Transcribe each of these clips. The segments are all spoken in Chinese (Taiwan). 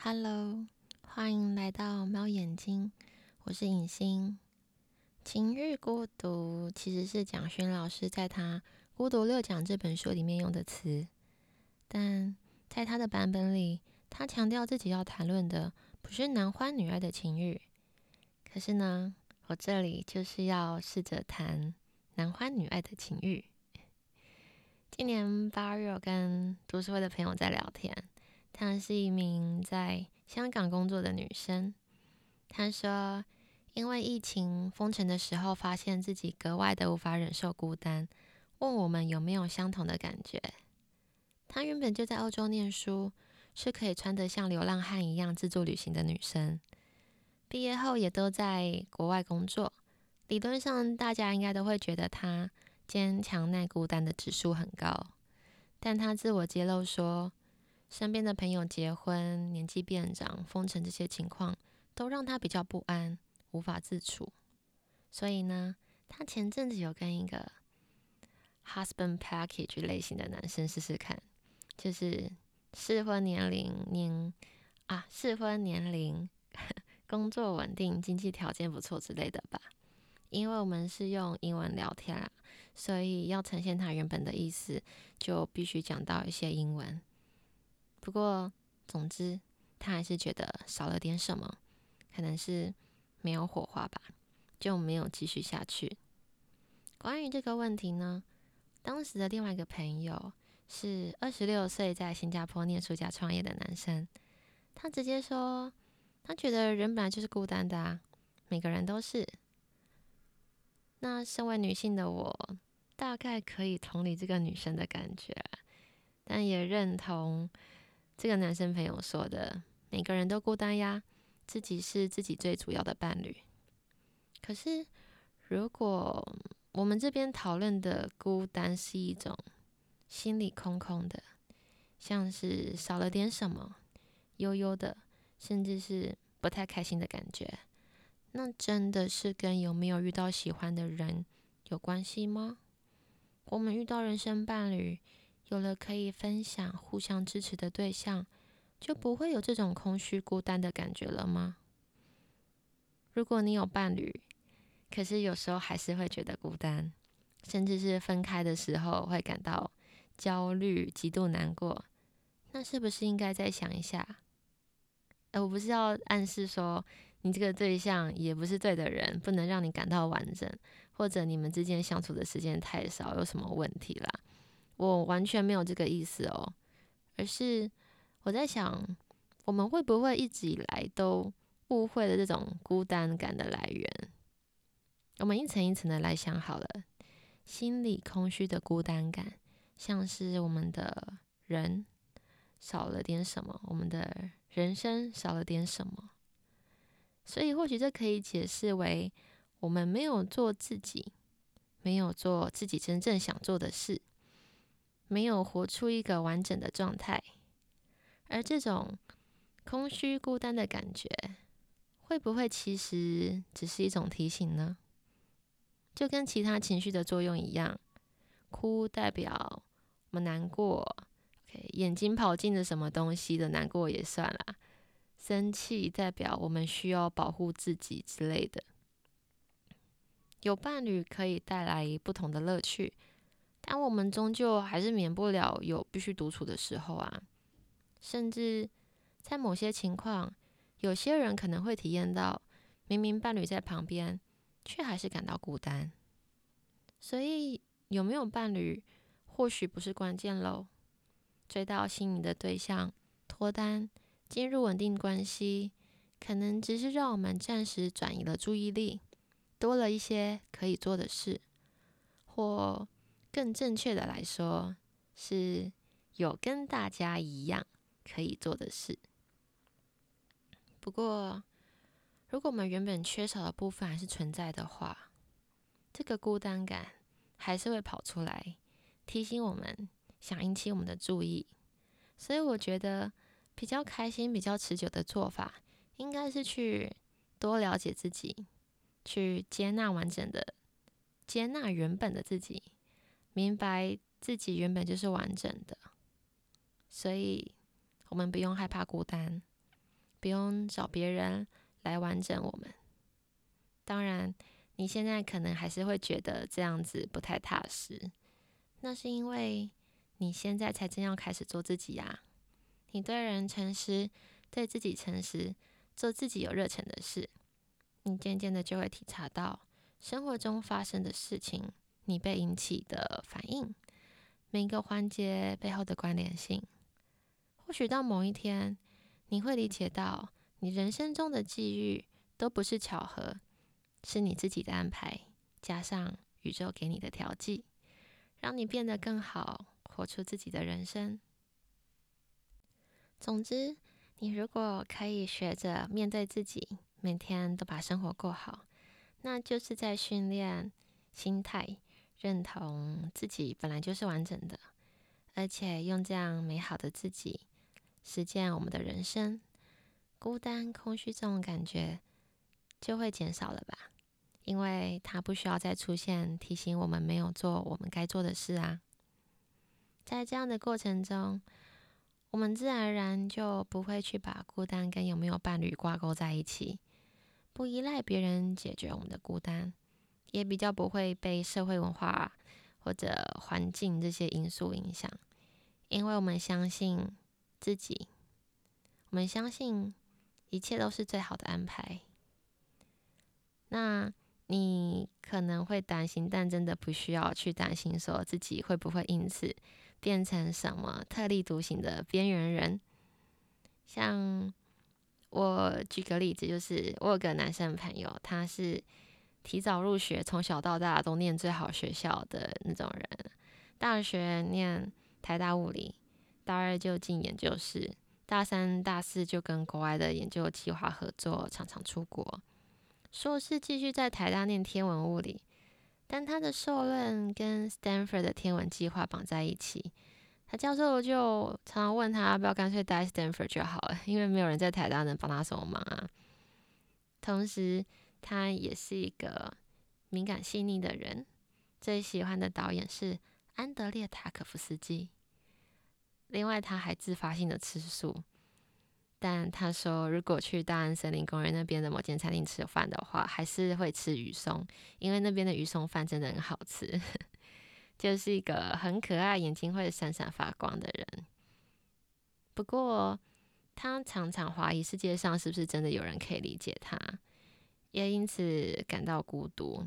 Hello，歡迎來到貓眼睛。我是影星。情欲孤獨其實是蔣勳老師在他《孤獨六講》這本書裡面用的詞，但在他的版本裡，他強調自己要談論的不是男歡女愛的情欲。可是呢，我這裡就是要試着談男歡女愛的情欲。今年八月，我跟讀書會的朋友在聊天。她是一名在香港工作的女生。她說：“因為疫情封城的時候，發現自己格外的無法忍受孤單，問我們有沒有相同的感覺。”她原本就在澳洲念書，是可以穿得像流浪漢一樣自助旅行的女生。畢業後也都在國外工作，理論上大家應該都會覺得她堅強耐孤單的指數很高。但她自我揭露說，身邊的朋友結婚，年紀變長，封城這些情況都讓他比較不安，無法自處。所以呢，他前陣子有跟一個 husband package 類型的男生試試看，就是適婚年齡，您啊，適婚年齡呵呵，工作穩定，經濟條件不錯之類的吧。因為我們是用英文聊天啦，所以要呈現他原本的意思，就必須講到一些英文。不過，總之，他還是覺得少了點什麼，可能是沒有火花吧，就沒有繼續下去。關於這個問題呢，當時的另外一個朋友是二十六歲，在新加坡念書加創業的男生，他直接說，他覺得人本來就是孤單的啊，每個人都是。那身為女性的我，大概可以同理這個女生的感覺，但也認同。這個男生朋友說的：“每個人都孤單呀，自己是自己最主要的伴侶。可是，如果我們這邊討論的孤單是一種心裡空空的，像是少了點什麼，悠悠的，甚至是不太開心的感覺，那真的是跟有沒有遇到喜歡的人有關係嗎？我們遇到人生伴侶。”有了可以分享、互相支持的對象，就不會有這種空虛、孤單的感覺了嗎？如果你有伴侶，可是有時候還是會覺得孤單，甚至是分開的時候會感到焦慮、極度難過，那是不是應該再想一下？呃，我不是要暗示說你這個對象也不是對的人，不能讓你感到完整，或者你們之間相處的時間太少，有什麼問題啦？我完全沒有這個意思哦，而是我在想，我們會不會一直以來都誤會了這種孤單感的來源？我們一層一層的來想好了，心裡空虛的孤單感，像是我們的人少了點什麼，我們的人生少了點什麼，所以或許這可以解釋為我們沒有做自己，沒有做自己真正想做的事。沒有活出一個完整的狀態，而這種空虛孤單的感覺，會不會其實只是一種提醒呢？就跟其他情緒的作用一樣，哭代表我們難過，眼睛跑進了什麼東西的難過也算啦。生氣代表我們需要保護自己之類的。有伴侶可以帶來不同的樂趣。但我們終究還是免不了有必須獨處的時候啊，甚至在某些情況，有些人可能會體驗到，明明伴侶在旁邊，卻還是感到孤單。所以有沒有伴侶，或許不是關鍵嘍。追到心儀的對象、脫單、進入穩定關係，可能只是讓我們暫時轉移了注意力，多了一些可以做的事，或。更正確的來說，是有跟大家一樣可以做的事。不過，如果我們原本缺少的部分還是存在的話，這個孤單感還是會跑出來，提醒我們，想引起我們的注意。所以我覺得比較開心、比較持久的做法，應該是去多了解自己，去接納完整的、接納原本的自己。明白自己原本就是完整的，所以我們不用害怕孤單，不用找別人來完整我們。當然，你現在可能還是會覺得這樣子不太踏實，那是因為你現在才正要開始做自己啊！你對人誠實，對自己誠實，做自己有熱忱的事，你漸漸的就會體察到生活中發生的事情。你被引起的反應，每一個環節背後的關聯性，或許到某一天，你會理解到，你人生中的際遇都不是巧合，是你自己的安排，加上宇宙給你的調劑，讓你變得更好，活出自己的人生。總之，你如果可以學着面對自己，每天都把生活過好，那就是在訓練心態。認同自己本來就是完整的，而且用這樣美好的自己實踐我們的人生，孤單、空虛這種感覺就會減少了吧？因為它不需要再出現提醒我們沒有做我們該做的事啊。在這樣的過程中，我們自然而然就不會去把孤單跟有沒有伴侶掛鈎在一起，不依賴別人解決我們的孤單。也比較不會被社會文化或者環境這些因素影響，因為我們相信自己，我們相信一切都是最好的安排。那你可能會擔心，但真的不需要去擔心，說自己會不會因此變成什麼特立獨行的邊緣人。像我舉個例子，就是我有個男生朋友，他是。提早入學，從小到大都念最好學校的那種人，大學念台大物理，大二就進研究室，大三、大四就跟國外的研究計劃合作，常常出國。碩士繼續在台大念天文物理，但他的碩論跟 Stanford 的天文計劃綁在一起，他教授就常常問他要不要乾脆待 Stanford 就好了，因為沒有人在台大能幫他什麼忙啊。同時。他也是一個敏感細膩的人，最喜歡的導演是安德烈·塔可夫斯基。另外，他還自發性的吃素，但他說，如果去大安森林公園那邊的某間餐廳吃飯的話，還是會吃魚鬆，因為那邊的魚鬆飯真的很好吃，呵呵。就是一個很可愛、眼睛會閃閃發光的人。不過，他常常懷疑世界上是不是真的有人可以理解他。也因此感到孤獨。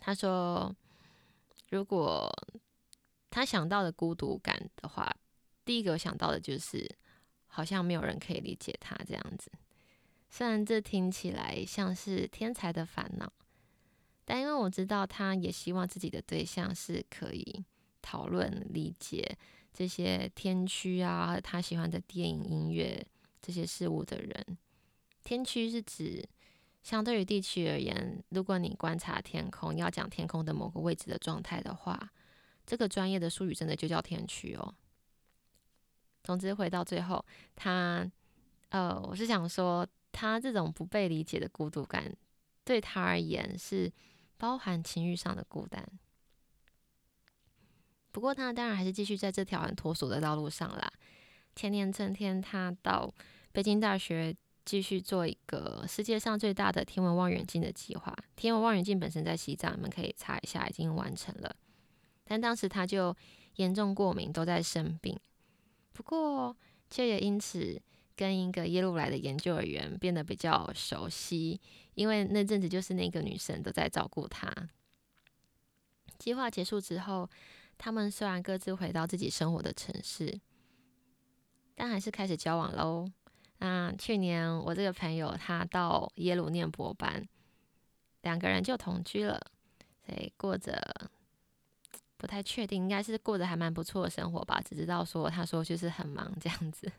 他說：“如果他想到的孤獨感的話，第一個我想到的就是好像沒有人可以理解他這樣子。雖然這聽起來像是天才的煩惱，但因為我知道他也希望自己的對象是可以討論、理解這些天區啊，他喜歡的電影音、音樂這些事物的人。天區是指……”相對於地區而言，如果你觀察天空，你要講天空的某個位置的狀態的話，這個專業的術語真的就叫天區哦。總之，回到最後，他，呃，我是想說，他這種不被理解的孤獨感，對他而言是包含情慾上的孤單。不過，他當然還是繼續在這條很脫俗的道路上啦。前年春天，他到北京大學。繼續做一個世界上最大的天文望遠鏡的計劃。天文望遠鏡本身在西藏，你們可以查一下，已經完成了。但當時他就嚴重過敏，都在生病。不過卻也因此跟一個耶魯來的研究人員變得比較熟悉，因為那陣子就是那個女生都在照顧他。計劃結束之後，他們雖然各自回到自己生活的城市，但還是開始交往嘍。那去年我這個朋友他到耶魯念博班，兩個人就同居了，所以過着不太確定，應該是過着還蠻不錯的生活吧。只知道說他說就是很忙這樣子。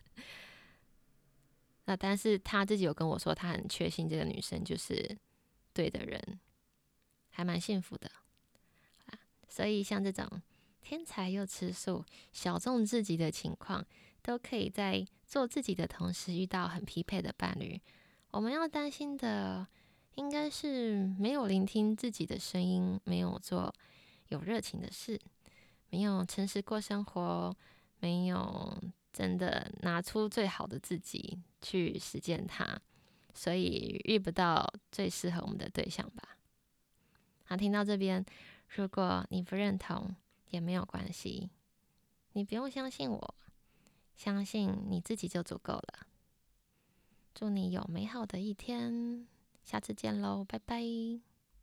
那但是他自己有跟我說，他很確信這個女生就是對的人，還蠻幸福的。所以像這種天才又吃素、小眾至極的情況。都可以在做自己的同時遇到很匹配的伴侶。我們要擔心的，應該是沒有聆聽自己的聲音，沒有做有熱情的事，沒有誠實過生活，沒有真的拿出最好的自己去實踐它，所以遇不到最適合我們的對象吧？好，聽到這邊，如果你不認同也沒有關係，你不用相信我。相信你自己就足夠了。祝你有美好的一天，下次見嘍，拜拜。